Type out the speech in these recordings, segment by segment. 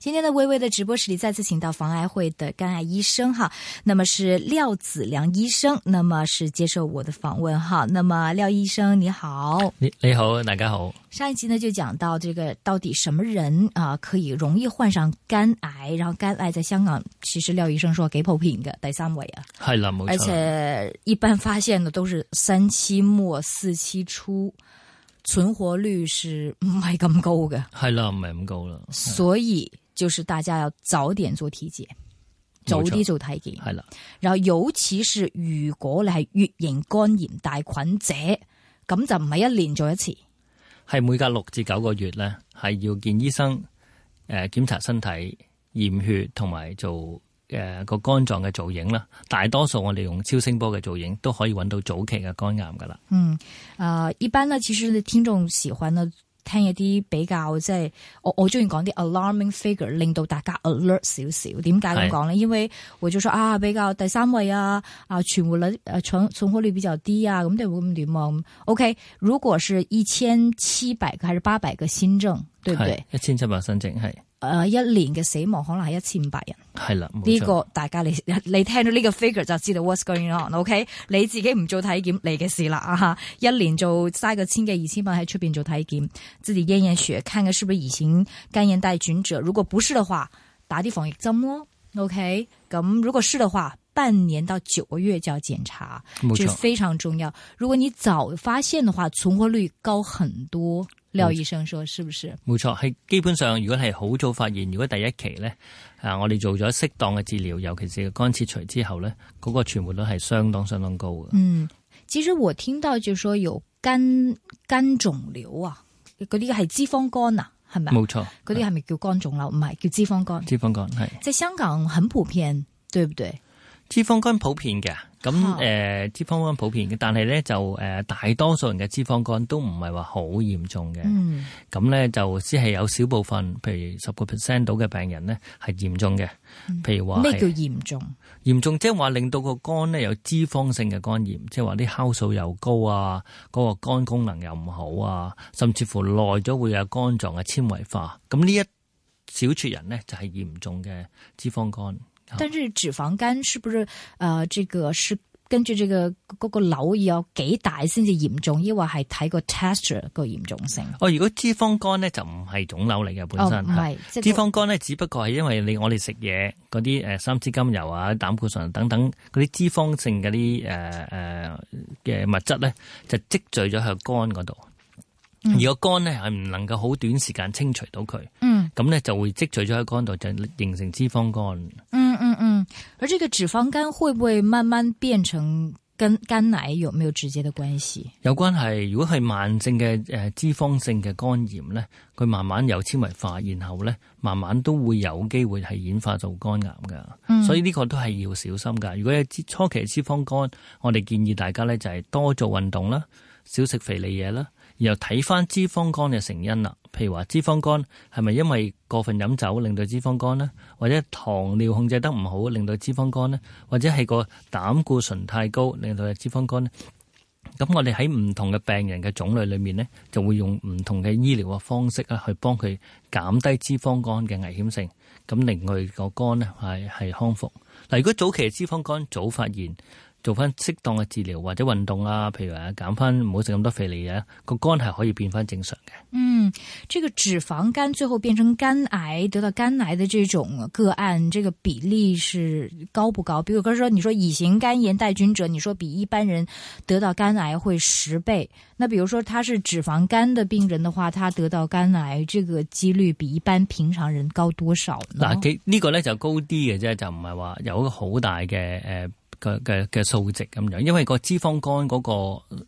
今天的微微的直播室裏，再次請到防癌會的肝癌醫生哈，那麼是廖子良醫生，那麼是接受我的訪問哈。那麼廖醫生你好，你你好，大家好。上一集呢就講到這個到底什麼人啊可以容易患上肝癌，然後肝癌在香港其實廖醫生說幾普遍嘅第三位啊，係啦冇錯，而且一般發現的都是三期末四期初，存活率是唔係咁高嘅，係啦唔係咁高啦，所以。就是大家要早點做體檢，早啲做體檢係啦。然後尤其是如果你係乙型肝炎帶菌者，咁就唔係一年做一次，係每隔六至九個月咧，係要見醫生誒檢、呃、查身體、驗血同埋做誒個、呃、肝臟嘅造影啦。大多數我哋用超聲波嘅造影都可以揾到早期嘅肝癌噶啦。嗯，誒、呃，一般呢，其實聽眾喜歡呢，聽一啲比較即係，我我中意講啲 alarming figure，令到大家 alert 少少。點解咁講咧？因為我就說啊，比較第三位啊，啊存活率誒存存活率比較低啊。咁點點點，OK，如果係一千七百個還是八百個新症，對唔對？一千七百新症係。誒、呃，一年嘅死亡可能係一千五百人，係啦，呢、這個大家你你聽到呢個 figure 就知道 what's going on，OK？、Okay? 你自己唔做體檢，你嘅事啦啊！一年做嘥個千幾、二千蚊喺出邊做體檢，自己驗驗血，看看是不是乙型肝炎帶菌者。如果不是嘅話，打啲防疫針咯，OK？咁如果是嘅話，半年到九個月就要檢查，冇錯，就非常重要。如果你早發現嘅話，存活率高很多。廖醫生說，沒錯，是不是？冇錯，係基本上，如果係好早發現，如果第一期呢，啊，我哋做咗適當嘅治療，尤其是肝切除之後呢，嗰、嗰個存活率係相當相當高嘅。嗯，其實我聽到就說有肝肝腫瘤啊，嗰啲係脂肪肝啊，係咪？冇錯，嗰啲係咪叫肝腫瘤？唔、啊、係，叫脂肪肝。脂肪肝係。在香港很普遍，對不對？脂肪肝普遍嘅。咁誒，脂肪肝普遍嘅，但係咧就誒，大多數人嘅脂肪肝都唔係話好嚴重嘅。咁、嗯、咧就只係有少部分，譬如十個 percent 到嘅病人咧係嚴重嘅。譬如話咩叫嚴重？嚴重即係話令到個肝咧有脂肪性嘅肝炎，即係話啲酵素又高啊，嗰、那個肝功能又唔好啊，甚至乎耐咗會有肝臟嘅纖維化。咁呢一小撮人咧就係、是、嚴重嘅脂肪肝。但係脂肪肝是不是？誒、呃，這個是根據這個、嗰個瘤要有幾大先至嚴重，抑或係睇個 texture 個嚴重性。哦，如果脂肪肝咧就唔係腫瘤嚟嘅本身，哦、係脂肪肝咧只不過係因為你我哋食嘢啲誒三脂甘油啊、膽固醇等等啲脂肪性啲誒誒嘅物質咧，就積聚咗去肝度。而個肝咧係唔能夠好短時間清除到佢，咁、嗯、咧就會積聚咗喺肝度，就形成脂肪肝。嗯嗯嗯，咁、嗯、呢個脂肪肝會唔會慢慢變成跟肝癌有冇有直接嘅關係？有關係。如果係慢性嘅誒脂肪性嘅肝炎咧，佢慢慢有纖維化，然後咧慢慢都會有機會係演化做肝癌噶、嗯。所以呢個都係要小心噶。如果係初期脂肪肝，我哋建議大家咧就係多做運動啦，少食肥膩嘢啦。又睇翻脂肪肝嘅成因啦，譬如話脂肪肝係咪因為過分飲酒令到脂肪肝呢？或者糖尿控制得唔好令到脂肪肝，肝呢？或者係個膽固醇太高令到脂肪肝，肝呢？咁我哋喺唔同嘅病人嘅種類裏面呢，就會用唔同嘅醫療嘅方式去幫佢減低脂肪肝嘅危險性，咁另外個肝咧，係係康復。嗱，如果早期嘅脂肪肝早發現。做翻適當嘅治療或者運動啊，譬如話，啊、減翻，唔好食咁多肥膩嘢，個肝係可以變翻正常嘅。嗯，這個脂肪肝最後變成肝癌，得到肝癌的這種個案，這個比例是高不高？比如哥說，你說乙型肝炎帶菌者，你說比一般人得到肝癌會十倍。那比如說他是脂肪肝的病人的話，他得到肝癌這個幾率比一般平常人高多少呢？嗱，呢個呢就高啲嘅啫，就唔係話有一個好大嘅誒。呃嘅嘅嘅數值咁樣，因為個脂肪肝嗰個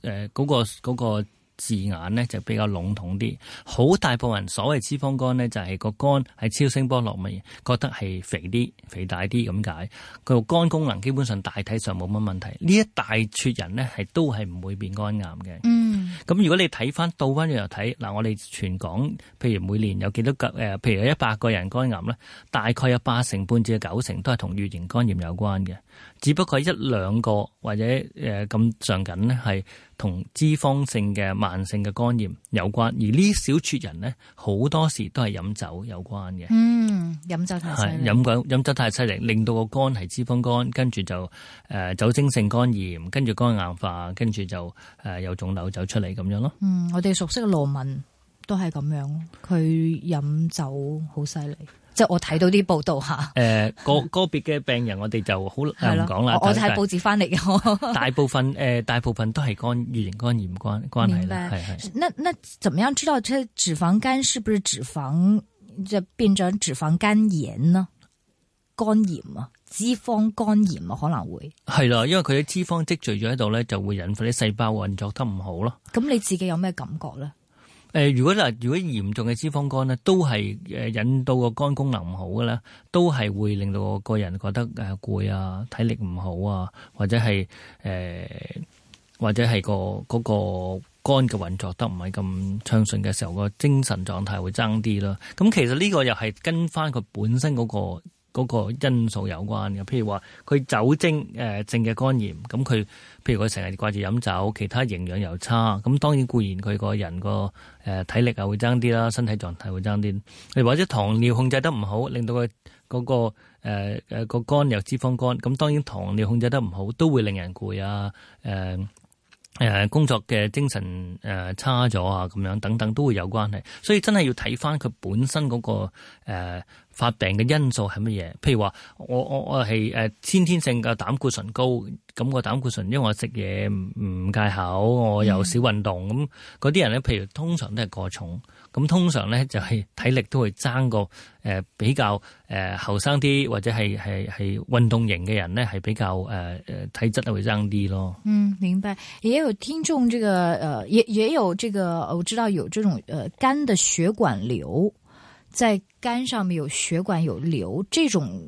誒嗰個嗰個。呃嗰個嗰個字眼咧就比較籠統啲，好大部分人所謂脂肪肝咧，就係個肝係超聲波落咪，覺得係肥啲、肥大啲咁解。個肝功能基本上大體上冇乜問題。呢一大撮人咧係都係唔會變肝癌嘅。嗯，咁如果你睇翻倒翻又又睇嗱，我哋全港譬如每年有幾多誒，譬如有一百個人肝癌咧，大概有八成半至九成都係同乙型肝炎有關嘅，只不過一兩個或者誒咁、呃、上緊咧係。同脂肪性嘅慢性嘅肝炎有關，而呢小撮人咧，好多時都係飲酒有關嘅。嗯，飲酒太犀，飲酒太犀利，令到個肝係脂肪肝，跟住就誒、呃、酒精性肝炎，跟住肝硬化，跟住就誒、呃、有腫瘤走出嚟咁樣咯。嗯，我哋熟悉嘅羅文都係咁樣，佢飲酒好犀利。即係我睇到啲報道吓，誒、呃、個個別嘅病人 我哋就好難講啦。我睇報紙翻嚟，大部分誒大部分都係肝炎、乙型肝炎關關，關係啦。係係。那那怎麼樣知道佢脂肪肝是不是脂肪就變、是、成脂肪肝，就是、肝，肝炎呢？肝炎啊，脂肪肝，肝炎啊，可能會係啦，因為佢啲脂肪積聚咗喺度咧，就會引發啲細胞運作得唔好咯。咁你自己有咩感覺咧？誒、呃，如果嗱，如果嚴重嘅脂肪肝咧，都係誒引到個肝功能唔好嘅咧，都係會令到個個人覺得誒攰啊，體力唔好啊，或者係誒、呃，或者係個嗰、那個肝嘅運作得唔係咁暢順嘅時候，那個精神狀態會差啲啦。咁其實呢個又係跟翻佢本身嗰、那個。嗰、那個因素有關嘅，譬如話佢酒精性嘅、呃、肝炎，咁佢譬如佢成日掛住飲酒，其他營養又差，咁當然固然佢個人個誒、呃、體力啊會差啲啦，身體狀態會差啲。或者糖尿控制得唔好，令到佢嗰、那個、呃呃、肝有脂肪肝，咁當然糖尿控制得唔好都會令人攰啊、呃呃，工作嘅精神、呃、差咗啊，咁樣等等都會有關係。所以真係要睇返佢本身嗰、那個、呃發病嘅因素係乜嘢？譬如話我我我係誒先天性嘅膽固醇高，咁、那個膽固醇因為我食嘢唔戒口，我又少運動，咁嗰啲人咧，譬如通常都係過重，咁通常咧就係、是、體力都會爭過誒比較誒後生啲或者係係係運動型嘅人咧，係比較誒誒、呃、體質都會爭啲咯。嗯，明白。也有聽眾，這個誒、呃，也也有這個我知道有這種誒、呃、肝嘅血管瘤。在肝上面有血管有瘤，這種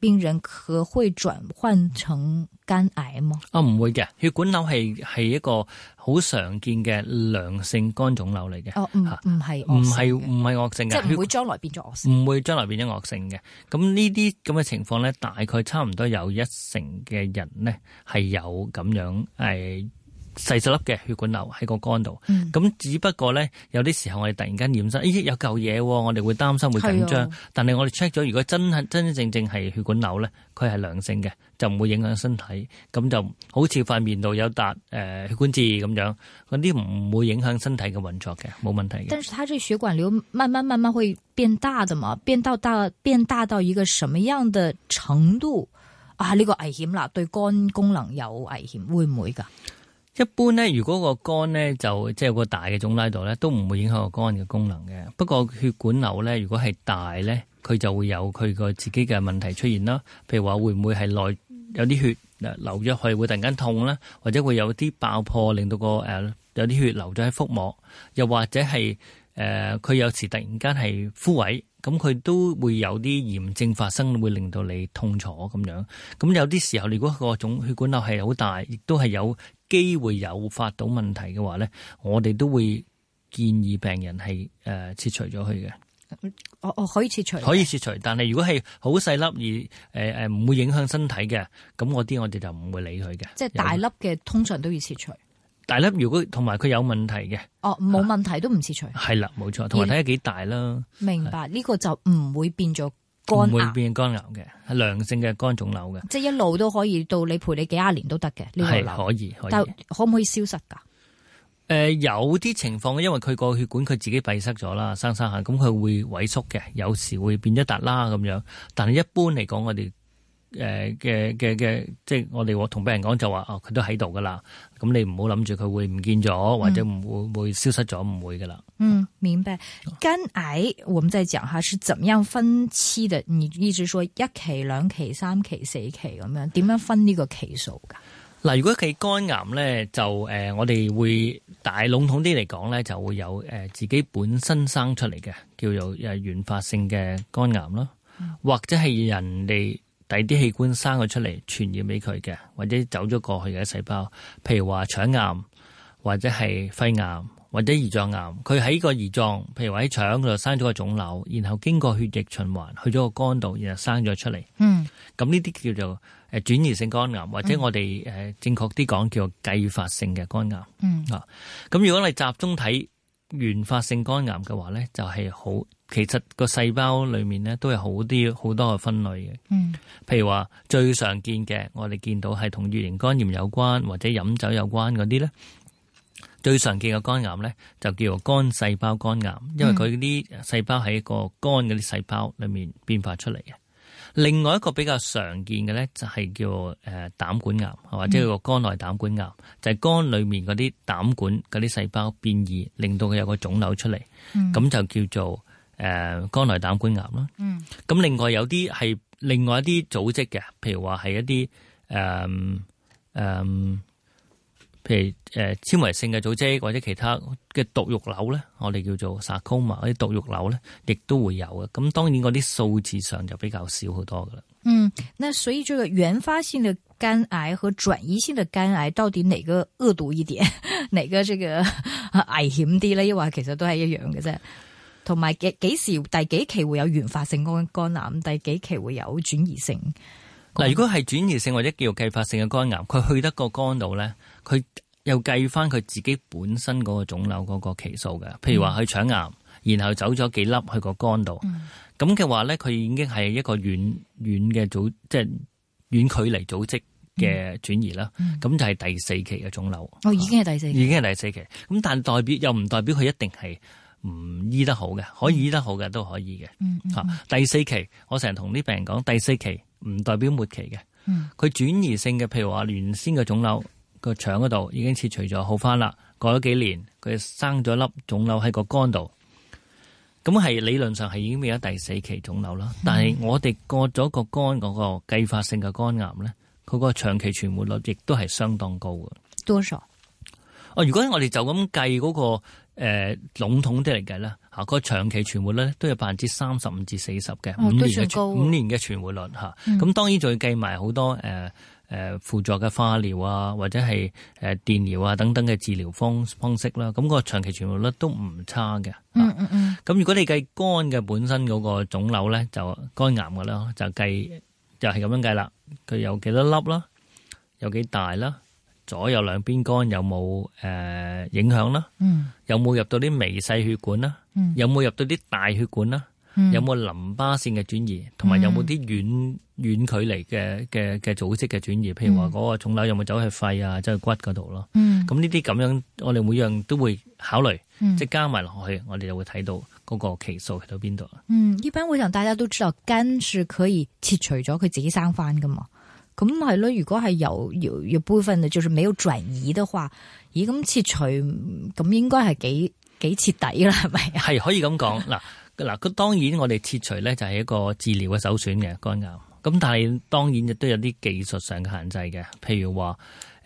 病人可會轉換成肝癌嗎？哦，唔會嘅，血管瘤係係一個好常見嘅良性肝腫瘤嚟嘅。哦，唔唔係，唔係唔係惡性嘅，即係唔會將來變咗惡性，唔會將來變咗惡性嘅。咁呢啲咁嘅情況咧，大概差唔多有一成嘅人咧係有咁樣係。嗯細細粒嘅血管瘤喺個肝度，咁、嗯、只不過咧，有啲時候我哋突然間驗身，咦、哎、有嚿嘢，我哋會擔心會緊張。但係我哋 check 咗，如果真係真真正正係血管瘤咧，佢係良性嘅，就唔會影響身體，咁就好似塊面度有笪誒血管痣咁樣，嗰啲唔會影響身體嘅運作嘅，冇問題嘅。但係，佢血管瘤慢慢慢慢會變大嘅嘛，變到大變大到一個什麼樣嘅程度啊？呢、這個危險啦，對肝功能有危險，會唔會噶？一般咧，如果個肝咧就即係、就是、個大嘅腫塊度咧，都唔會影響個肝嘅功能嘅。不過血管瘤咧，如果係大咧，佢就會有佢個自己嘅問題出現啦。譬如話，會唔會係內有啲血流咗去，會突然間痛啦，或者會有啲爆破，令到個誒、呃、有啲血流咗喺腹膜，又或者係誒佢有時突然間係枯萎。咁佢都會有啲炎症發生，會令到你痛楚咁樣。咁有啲時候，如果個種血管瘤係好大，亦都係有機會誘發到問題嘅話咧，我哋都會建議病人係誒、呃、切除咗佢嘅。哦，我可以切除，可以切除，但係如果係好細粒而誒誒唔會影響身體嘅，咁我啲我哋就唔會理佢嘅。即係大粒嘅，通常都要切除。大粒，如果同埋佢有問題嘅，哦，冇問題都唔切除。係啦，冇錯，同埋睇下幾大啦。明白。呢個就唔會變咗肝癌？唔會變肝癌嘅，係良性嘅肝腫瘤嘅，即係一路都可以到你陪你幾廿年都得嘅。呢個係可，可以，但可唔可以消失噶？呃，有啲情況，因為佢個血管佢自己閉塞咗啦，生生下咁佢會萎縮嘅，有時會變一笪啦咁樣，但係一般嚟講我哋。誒嘅嘅嘅，即係我哋同別人講就話哦，佢都喺度噶啦。咁你唔好諗住佢會唔見咗，或者會、嗯、會消失咗，唔會噶啦。嗯，明白。肝癌，我哋再講下，是怎樣分期的？你一直說一期、兩期、三期、四期咁樣，點樣分呢個期數噶？嗱、嗯嗯，如果一期肝癌咧，就誒、呃，我哋會大籠統啲嚟講咧，就會有誒、呃、自己本身生出嚟嘅，叫做誒、呃、原發性嘅肝癌咯、嗯，或者係人哋。第二啲器官生咗出嚟，傳染俾佢嘅，或者走咗過去嘅細胞，譬如話腸癌，或者係肺癌，者癌，或者胰臟癌。佢喺個胰臟，譬如話喺腸度生咗個腫瘤，然後經過血液循環去咗個肝度，然後生咗出嚟。嗯，咁呢啲叫做誒轉移性肝癌，或者我哋誒正確啲講叫繼發性嘅肝癌。嗯，咁、啊、如果你集中睇原發性肝癌嘅話咧，就係好。其實個細胞裏面咧都有好啲好多個分類嘅，嗯，譬如話最常見嘅，我哋見到係同乙型肝炎有關或者飲酒有關嗰啲咧。最常見嘅肝癌咧就叫做肝細胞肝癌，因為佢啲細胞喺個肝嗰啲細胞裏面變化出嚟嘅。嗯。另外一個比較常見嘅咧就係叫誒膽管癌，嗯，或者叫做肝內膽管癌，就係、是、肝裏面嗰啲膽管嗰啲細胞變異，令到佢有個腫瘤出嚟。咁、嗯、就叫做。誒、呃，肝內膽管癌啦，嗯，咁另外有啲係另外一啲組織嘅，譬如話係一啲誒誒，譬如誒纖維性嘅組織或者其他嘅毒肉瘤咧，我哋叫做 Sarcoma 嗰啲毒肉瘤咧，亦都會有嘅。咁當然嗰啲數字上就比較少好多噶啦。嗯，那所以這個原發性嘅肝癌和轉移性嘅肝癌到底哪個惡毒一點， 哪個這個、啊、危險啲咧？因為其實都係一樣嘅啫。同埋幾幾時第幾期會有原發性肝肝癌？第幾期會有轉移性？嗱，如果係轉移性或者叫繼發性嘅肝癌，佢去得個肝度咧，佢又計翻佢自己本身嗰個腫瘤嗰個期數嘅。譬如話去腸癌、嗯，然後走咗幾粒去個肝度，咁、嗯、嘅話咧，佢已經係一個遠遠嘅組，即係遠距離組織嘅轉移啦。咁、嗯嗯、就係第四期嘅腫瘤。哦，已經係第四期，已經係第四期。咁但代表又唔代表佢一定係？唔醫得好嘅，可以醫得好嘅都可以嘅。吓、嗯嗯、第四期，我成日同啲病人講，第四期唔代表末期嘅。佢、嗯、轉移性嘅，譬如話原先嘅腫瘤個腸嗰度已經切除咗好翻，啦，過咗幾年佢生咗粒腫瘤喺個肝度，咁係理論上係已經變咗第四期腫瘤啦。但係我哋過咗個肝嗰個繼發性嘅肝癌咧，佢個長期存活率亦都係相當高嘅。多少？哦，如果我哋就咁計嗰個。誒、呃、籠統啲嚟計咧，嚇、哦嗯呃呃個長期存活率都有百分之三十五至四十嘅五年嘅五年嘅存活率。咁當然仲要計埋好多誒誒輔助嘅化療啊，或者係誒電療啊等等嘅治療方方式啦。咁個長期存活率都唔差嘅。咁如果你計肝嘅本身嗰個腫瘤咧，就肝癌嘅啦，就計就係、是、咁樣計啦。佢有幾多粒啦？有幾大啦？左右兩邊肝有冇誒、呃、影響啦、嗯？有冇入到啲微細血管啦、嗯？有冇入到啲大血管啦、嗯？有冇淋巴線嘅轉移？同、嗯、埋有冇啲遠遠距離嘅嘅嘅組織嘅轉移？嗯、譬如話嗰個腫瘤有冇走去肺啊、走去骨嗰度咯？咁呢啲咁樣，我哋每樣都會考慮，嗯、即係加埋落去，我哋就會睇到嗰個期數去到邊度啦。嗯，一般我想大家都知道，肝係可以切除咗，佢自己生返㗎嘛。咁係咯，如果係有有有部分嘅，就係未有轉移嘅話，咦咁切除咁應該係幾幾徹底啦，係咪？係可以咁講嗱嗱，佢 當然我哋切除咧就係一個治療嘅首選嘅肝癌，咁但係當然亦都有啲技術上嘅限制嘅，譬如話，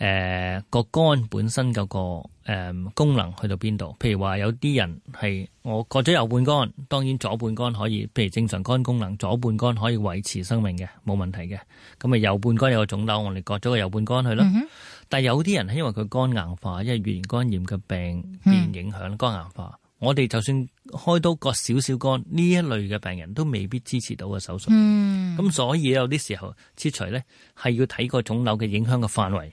誒個肝本身嗰個。誒、嗯，功能去到邊度？譬如話有啲人係我割咗右半肝，當然左半肝可以，譬如正常肝功能，左半肝可以維持生命嘅，冇問題嘅。咁啊，右半肝有個腫瘤，我哋割咗個右半肝去啦、嗯。但係有啲人係因為佢肝硬化，因為乙型肝炎嘅病變影響肝硬化，嗯、我哋就算開刀割少少肝，呢一類嘅病人都未必支持到個手術。咁、嗯、所以有啲時候切除咧，係要睇個腫瘤嘅影響嘅範圍。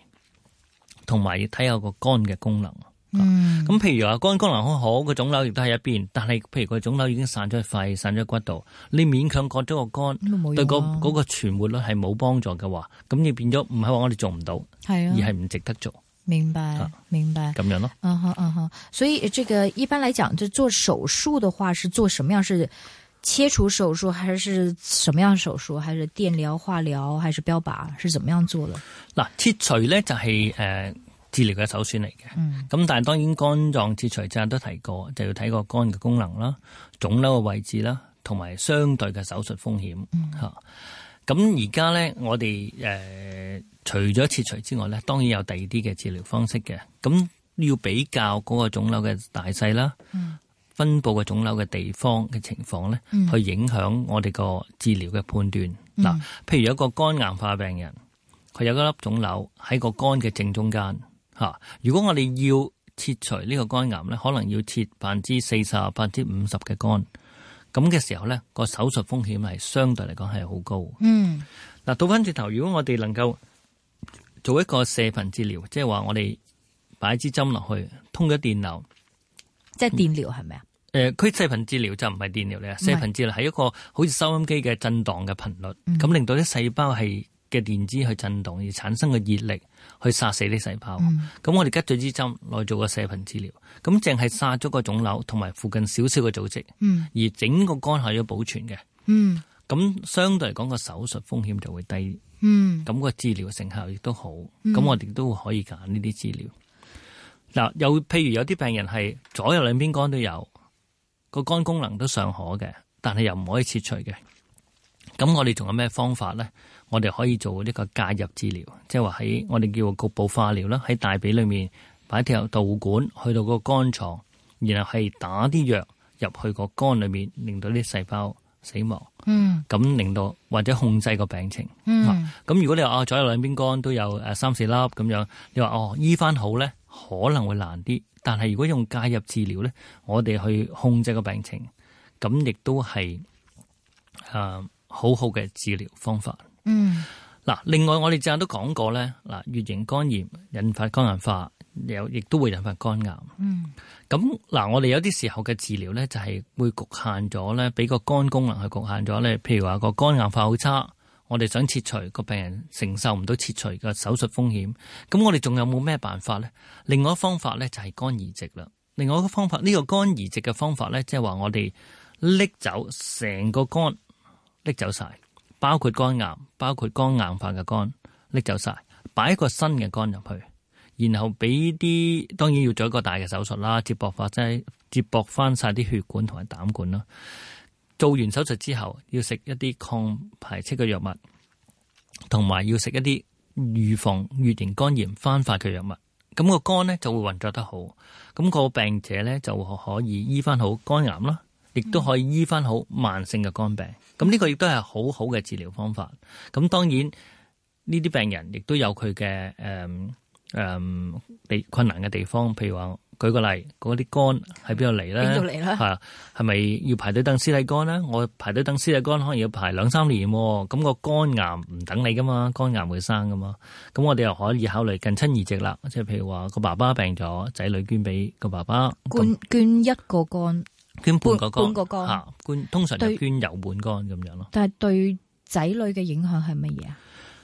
同埋要睇下個肝嘅功能，咁、嗯啊、譬如話肝功能好好，個腫瘤亦都喺一邊，但係譬如個腫瘤已經散咗去肺、散咗去骨度，你勉強割咗個肝，都冇用啊、對嗰、嗰、嗰個存、嗰個、活率係冇幫助嘅話，咁你變咗唔係話我哋做唔到，係啊，而係唔值得做。明白，啊、明白。咁樣咯。Uh-huh, uh-huh. 所以呢個一般嚟講，就做手術嘅話，是做什麼樣？是。切除手術還是什麼樣手術？還是電療、化療還是標靶？是怎麼樣做的？嗱，切除咧就係誒治療嘅首選嚟嘅。咁、嗯、但係當然肝臟切除，之前都提過，就要睇個肝嘅功能啦、腫瘤嘅位置啦，同埋相對嘅手術風險吓。咁而家咧，我哋誒除咗切除之外咧，當然有第二啲嘅治療方式嘅。咁要比較嗰個腫瘤嘅大細啦。嗯分布嘅腫瘤嘅地方嘅情況咧，去影響我哋個治療嘅判斷。嗱、嗯，譬如有一個肝癌化病人，佢有一粒腫瘤喺個肝嘅正中間吓。如果我哋要切除呢個肝癌咧，可能要切百分之四十、百分之五十嘅肝。咁嘅時候咧，個手術風險係相對嚟講係好高。嗯。嗱，倒翻轉頭，如果我哋能夠做一個射頻治療，即係話我哋擺支針落去，通咗電流，即係電療係咪啊？嗯誒、呃，佢射頻治療就唔係電療嚟，射頻治療係一個好似收音機嘅震盪嘅頻率，咁、嗯、令到啲細胞係嘅電子去震盪而產生個熱力去殺死啲細胞。咁、嗯、我哋吉咗支針來做細、嗯、個射頻治療，咁淨係殺咗個腫瘤同埋附近少少嘅組織、嗯，而整個肝係要保存嘅。咁、嗯、相對嚟講個手術風險就會低，咁、嗯那個治療成效亦都好。咁、嗯、我哋都可以揀呢啲治療。嗱，又譬如有啲病人係左右兩邊肝都有。個肝功能都尚可嘅，但係又唔可以切除嘅。咁我哋仲有咩方法咧？我哋可以做呢個介入治療，即係話喺我哋叫局部化療啦。喺大髀裏面擺條導管去到個肝床，然後係打啲藥入去個肝裏面，令到啲細胞死亡。嗯，咁令到或者控制個病情。嗯，咁如果你話左右兩邊肝都有誒三四粒咁樣，你話哦醫翻好咧，可能會難啲。但係如果用介入治療咧，我哋去控制個病情，咁亦都係誒好好嘅治療方法。嗯，嗱，另外我哋陣都講過咧，嗱，乙型肝炎引發肝硬化，有亦都會引發肝癌。嗯，咁嗱，我哋有啲時候嘅治療咧，就係、是、會局限咗咧，俾個肝功能去局限咗咧，譬如話個肝硬化好差。我哋想切除，個病人承受唔到切除嘅手術風險，咁我哋仲有冇咩辦法咧？另外一個方法咧就係肝移植啦。另外一個方法，呢個肝移植嘅方法咧，即係話我哋拎走成個肝，拎走晒，包括肝癌，包括肝硬化嘅肝，拎走晒，擺個新嘅肝入去，然後俾啲，當然要做一個大嘅手術啦，接駁法即係接駁翻晒啲血管同埋膽管啦。做完手術之後，要食一啲抗排斥嘅藥物，同埋要食一啲預防乙型肝炎翻發嘅藥物。咁個肝咧就會運作得好，咁個病者咧就可以醫翻好肝癌啦，亦都可以醫翻好慢性嘅肝病。咁呢個亦都係好好嘅治療方法。咁當然呢啲病人亦都有佢嘅誒誒困難嘅地方，譬如話。舉個例，嗰啲肝喺邊度嚟咧？邊度嚟咧？吓，係咪要排隊等屍體肝咧？我排隊等屍體肝可能要排兩三年，咁個肝癌唔等你噶嘛，肝癌會生噶嘛，咁我哋又可以考慮近親移植啦，即係譬如話個爸爸病咗，仔女捐俾個爸爸，捐捐一個肝，捐半個肝，半個肝吓，捐通常就捐右半肝咁樣咯。但係對仔女嘅影響係乜嘢啊？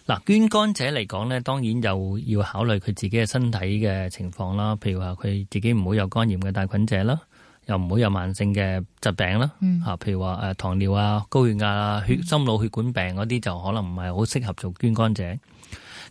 嗱，捐肝者嚟講咧，當然又要考慮佢自己嘅身體嘅情況啦。譬如話佢自己唔會有肝炎嘅帶菌者啦，又唔會有慢性嘅疾病啦。吓、嗯，譬如話誒糖尿啊、高血壓啊、血心腦血管病嗰啲，就可能唔係好適合做捐肝者。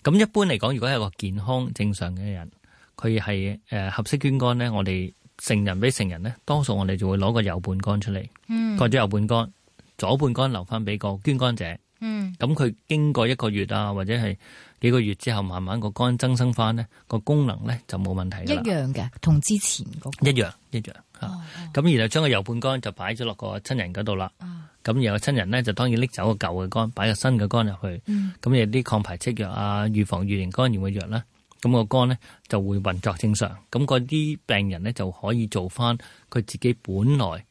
咁一般嚟講，如果係個健康正常嘅人，佢係誒合適捐肝咧，我哋成人俾成人咧，多數我哋就會攞個右半肝出嚟、嗯，割咗右半肝，左半肝留翻俾個捐肝者。嗯，咁佢經過一個月啊，或者係幾個月之後，慢慢個肝增生翻咧，個功能咧就冇問題啦。一樣嘅，同之前一樣一樣吓。咁、哦、然後將個右半肝就擺咗落個親人嗰度啦。咁、哦、然後親人咧就當然拎走個舊嘅肝，擺個新嘅肝入去。咁、嗯、有啲抗排斥藥啊，預防乙型肝炎嘅藥啦。咁、個肝咧就會運作正常。咁嗰啲病人咧就可以做翻佢自己本來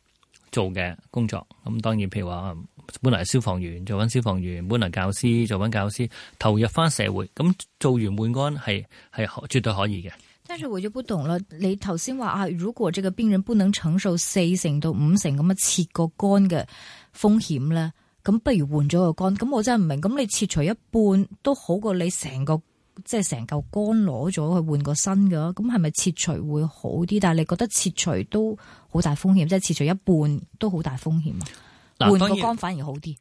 做嘅工作，咁當然，譬如話本來消防員做返消防員，本來教師做返教師，投入返社會，咁做完換肝係係絕對可以嘅。但係我就不懂啦，你頭先話啊，如果這個病人不能承受四成到五成咁樣切個肝嘅風險咧，咁不如換咗個肝，咁我真係唔明，咁你切除一半都好過你成個。即係成嚿肝攞咗去換個新嘅，咁係咪切除會好啲？但係你覺得切除都好大風險，即係切除一半都好大風險啊？換個肝反而好啲？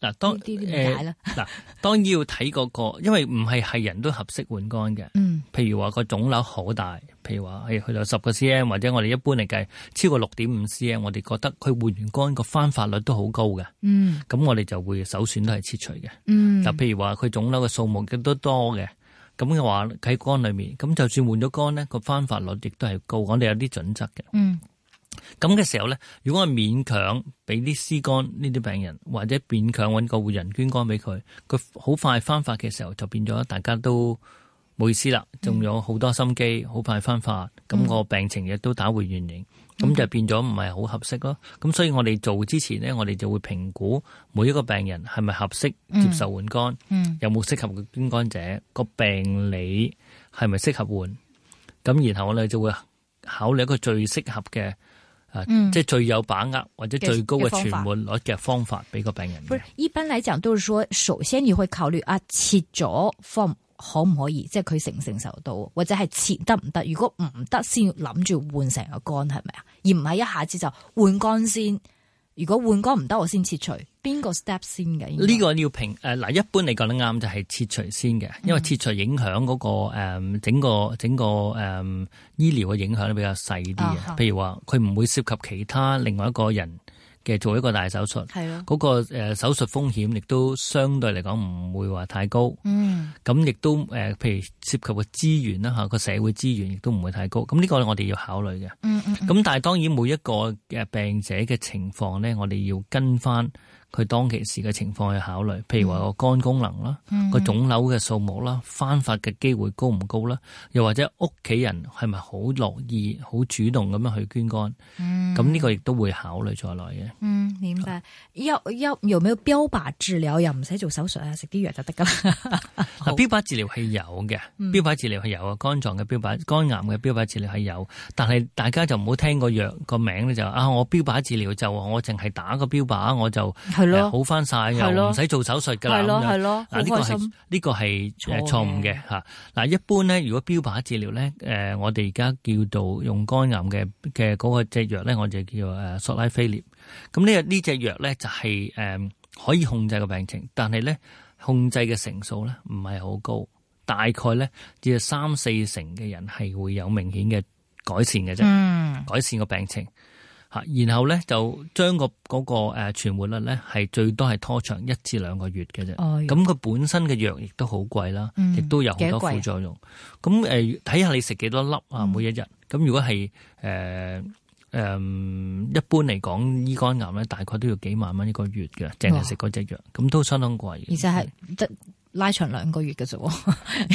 嗱，當啲點解咧？嗱、呃，呃、 當然要睇嗰、嗰個，因為唔係係人都合適換肝嘅。嗯，譬如話個腫瘤好大，譬如話去到十個 cm，或者我哋一般嚟計超過六點五 cm，我哋覺得佢換完肝個翻發率都好高嘅。嗯，咁我哋就會首選都係切除嘅。嗯，譬如話佢腫瘤嘅數目亦都多嘅。咁嘅話喺肝裏面，咁就算換咗肝咧，個翻發率亦都係高，我哋有啲準則嘅。嗯，咁嘅時候咧，如果係勉強俾啲屍肝呢啲病人，或者勉強揾個活人捐肝俾佢，佢好快翻發嘅時候，就變咗大家都冇意思啦，仲有好多心機，好、嗯、快翻發，咁個病情亦都打回原形。咁、嗯、就變咗唔係好合適咯。咁所以我哋做之前咧，我哋就會評估每一個病人係咪合適接受換肝，嗯嗯、有冇適合嘅捐肝者，個病理係咪適合換。咁然後我哋就會考慮一個最適合嘅、嗯，啊，即係最有把握或者最高嘅存活率嘅方法俾個病人、嗯。不是，一般嚟講都係說，首先你要去考慮啊，切咗放。可唔可以？即係佢承唔承受到，或者係切得唔得？如果唔得，先諗住換成個肝係咪啊？而唔係一下子就換肝先。如果換肝唔得，我先切除。邊個 step 先嘅？呢、呢個要平誒，嗱、呃，一般嚟講都啱，就係、係、切除先嘅，因為切除影響、嗰個誒、嗯、整個整個誒、嗯、醫療嘅影響都比較細啲嘅。譬如話，佢、嗯、唔會涉及其他另外一個人。嘅做一個大手術，嗰個誒手術風險亦都相對嚟講唔會話太高。嗯，咁亦都誒，譬如涉及嘅資源啦嚇，個社會資源亦都唔會太高。咁呢個我哋要考慮嘅。嗯嗯，嗯。咁但係當然每一個嘅病者嘅情況咧，我哋要跟翻。佢當其時嘅情況去考慮，譬如話個肝功能啦，個、嗯、腫瘤嘅數目啦，翻發嘅機會高唔高啦，又或者屋企人係咪好樂意、好主動咁樣去捐肝，咁、嗯、呢個亦都會考慮在內嘅。嗯，明白。要要有冇有冇標靶治療？又唔使做手術啊，食啲藥就得噶啦。嗱， 標靶治療係有嘅，標靶治療係有啊、嗯。肝臟嘅標靶、肝癌嘅標靶治療係有，但係大家就唔好聽個藥個名咧，就啊，我標靶治療就我淨係打個標靶我就。係咯，好翻晒又唔使做手術噶啦，咁樣。嗱呢、個係呢、個係錯誤嘅吓。嗱、哦、一般咧，如果標靶治療咧，誒、呃、我哋而家叫做用肝癌嘅嘅嗰個隻藥咧，我就叫誒索拉菲列。咁呢個呢隻藥咧就係、是、誒、呃、可以控制個病情，但係咧控制嘅成數咧唔係好高，大概咧只有三四成嘅人係會有明顯嘅改善嘅啫、嗯，改善個病情，然後咧就將、個嗰、個、呃、存活率咧係最多係拖長一至兩個月嘅啫。咁、哦、佢本身嘅藥亦都好貴啦，亦、嗯、都有好多副作用。咁睇下你食幾多粒啊，每一日。咁、嗯、如果係誒誒一般嚟講，胰肝癌咧大概都要幾萬蚊一個月嘅，淨係食嗰隻藥，咁、哦、都相當貴嘅。其實係拉長兩個月嘅啫，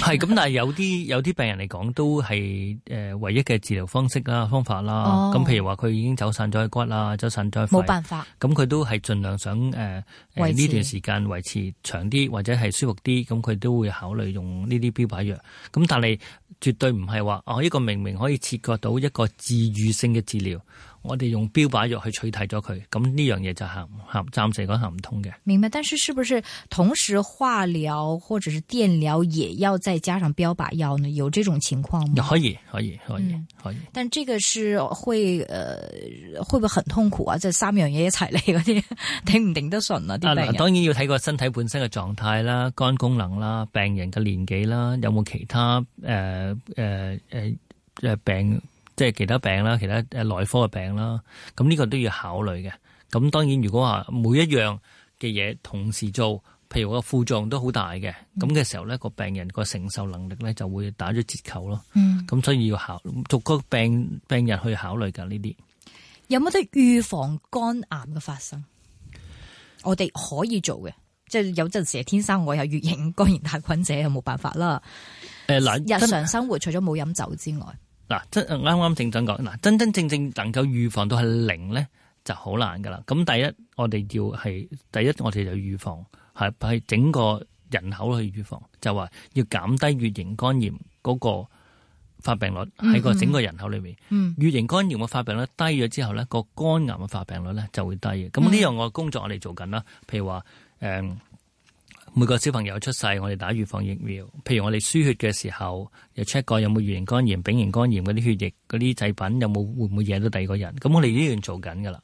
係 咁。但係有啲有啲病人嚟講，都係誒唯一嘅治療方式啦、方法啦。咁、哦、譬如話佢已經走散咗骨啦、走散咗，冇辦法。咁佢都係盡量想誒，呢、呃、段時間維持長啲或者係舒服啲，咁佢都會考慮用呢啲標靶藥。咁但係絕對唔係話哦，一、這個明明可以切割到一個治癒性嘅治療。我哋用標靶藥去取締咗佢，咁呢樣嘢就行暫行，暫時講行唔通嘅。明白，但是，是不是同時化療或者是電療也要再加上標靶藥呢？有這種情況嗎？可以，可以，可以，嗯，可以。但這個是會，呃，會不會很痛苦啊？即，就是，三樣嘢一齊嚟嗰啲，頂唔頂得順啊？啲病人，啊，當然要睇個身體本身嘅狀態啦，肝功能啦、病人嘅年紀啦、有冇其他誒誒誒病。即係其他病啦，其他誒內科嘅病啦，咁、這、呢個都要考慮嘅。咁當然，如果話每一樣嘅嘢同時做，譬如個副作用都好大嘅，咁、嗯、嘅時候咧，個病人個承受能力咧就會打咗折扣咯。咁、嗯、所以要考逐個病病人去考慮噶呢啲。有冇得預防肝癌嘅發生？我哋可以做嘅，即係有陣時係天生我有乙型肝炎帶菌者，又冇辦法啦。誒、呃，日常生活除咗冇飲酒之外。嗱，真啱啱正正講，嗱，真真正正，正能夠預防到係零咧，就好難噶啦。咁第一，我哋要係第一，我哋就預防，係係整個人口去預防，就話要減低乙型肝炎嗰個發病率喺個整個人口裏面。嗯，乙型肝炎嘅發病率低咗之後咧，個肝癌嘅發病率咧就會低嘅。咁、嗯、呢樣嘅工作我哋做緊啦，譬如話誒每個小朋友出世，我哋打預防疫苗。譬如我哋輸血嘅時候，又 check 過有冇乙型肝炎、丙型肝炎嗰啲血液嗰啲製品有冇會唔會惹到第二個人？咁我哋、嗯、呢樣做緊㗎啦。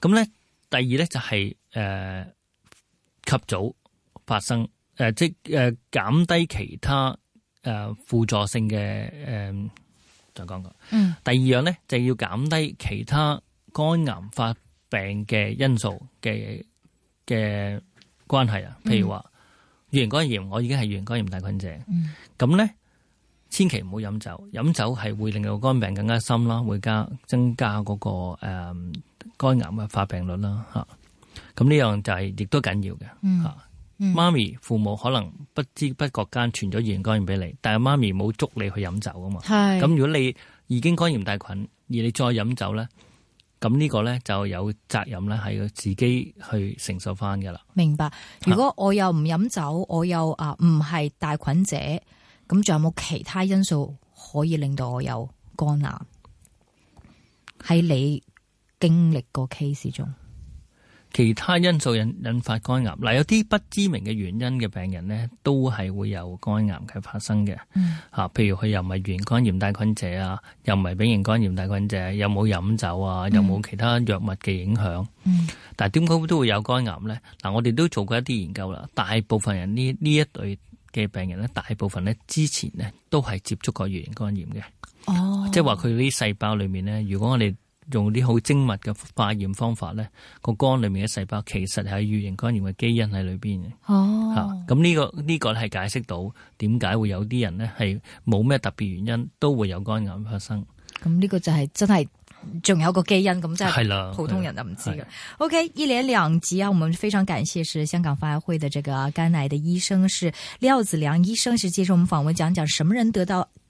咁咧，第二咧就係、是、誒、呃、及早發生誒、呃、即誒減、呃、低其他誒、呃、輔助性嘅誒、呃，再講個。嗯。第二樣咧就是、要減低其他肝癌發病嘅因素嘅嘅關係啊，譬如話。嗯乙肝炎，我已經係乙肝炎帶菌者，咁、嗯、咧千祈唔好飲酒。飲酒係會令到肝病更加深啦，會加增加嗰、那個誒、呃、肝癌嘅發病率啦吓。咁、啊、呢樣就係亦都緊要嘅吓、啊嗯嗯。媽咪父母可能不知不覺間傳咗乙肝炎俾你，但係媽咪冇捉你去飲酒啊嘛。咁如果你已經肝炎帶菌而你再飲酒咧。咁呢個咧就有責任咧，係要自己去承受翻噶啦。明白。如果我又唔飲酒，我又啊唔係帶菌者，咁仲有冇其他因素可以令到我有肝癌？喺你經歷過 case 中？其他因素引引發肝癌，嗱、啊、有啲不知名嘅原因嘅病人咧，都係會有肝癌嘅發生嘅。嚇、嗯啊，譬如佢又唔係乙型肝炎帶菌者啊，又唔係丙型肝炎帶菌者，又有冇飲酒啊，嗯、又冇其他藥物嘅影響？嗯、但係點解都會有肝癌咧？嗱、啊，我哋都做過一啲研究啦，大部分人呢呢一類嘅病人咧，大部分咧之前咧都係接觸過乙型肝炎嘅。哦，即係話佢啲細胞裡面咧，如果我哋用啲好精密嘅化驗方法咧，個肝裏面嘅細胞其實係乙型肝炎嘅基因喺裏邊嘅。哦，吓、啊、咁、這、呢個呢、這個係解釋到點解會有啲人呢係冇咩特別原因都會有肝癌發生。咁、嗯、呢、這個就係、是、真係仲有個基因咁真係，普通人都唔知嘅。OK，一連兩集啊，我們非常感謝是香港防癌會嘅這個肝癌嘅醫生是廖子良醫生，是接受我們訪問，講講什麼人得到。